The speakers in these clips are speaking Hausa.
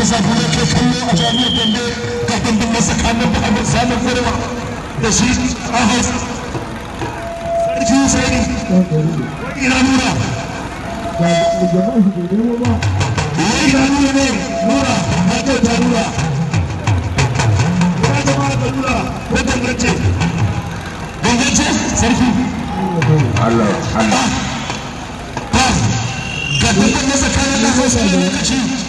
ta safi na ke kallo a jami'ar dambe ga kundin masa kanan muhammad salim firma da shi sarki ina nura nura ne nura nura ya da nura ko sarki Allah Allah ah, ga kanan da hausa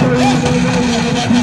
Thank you.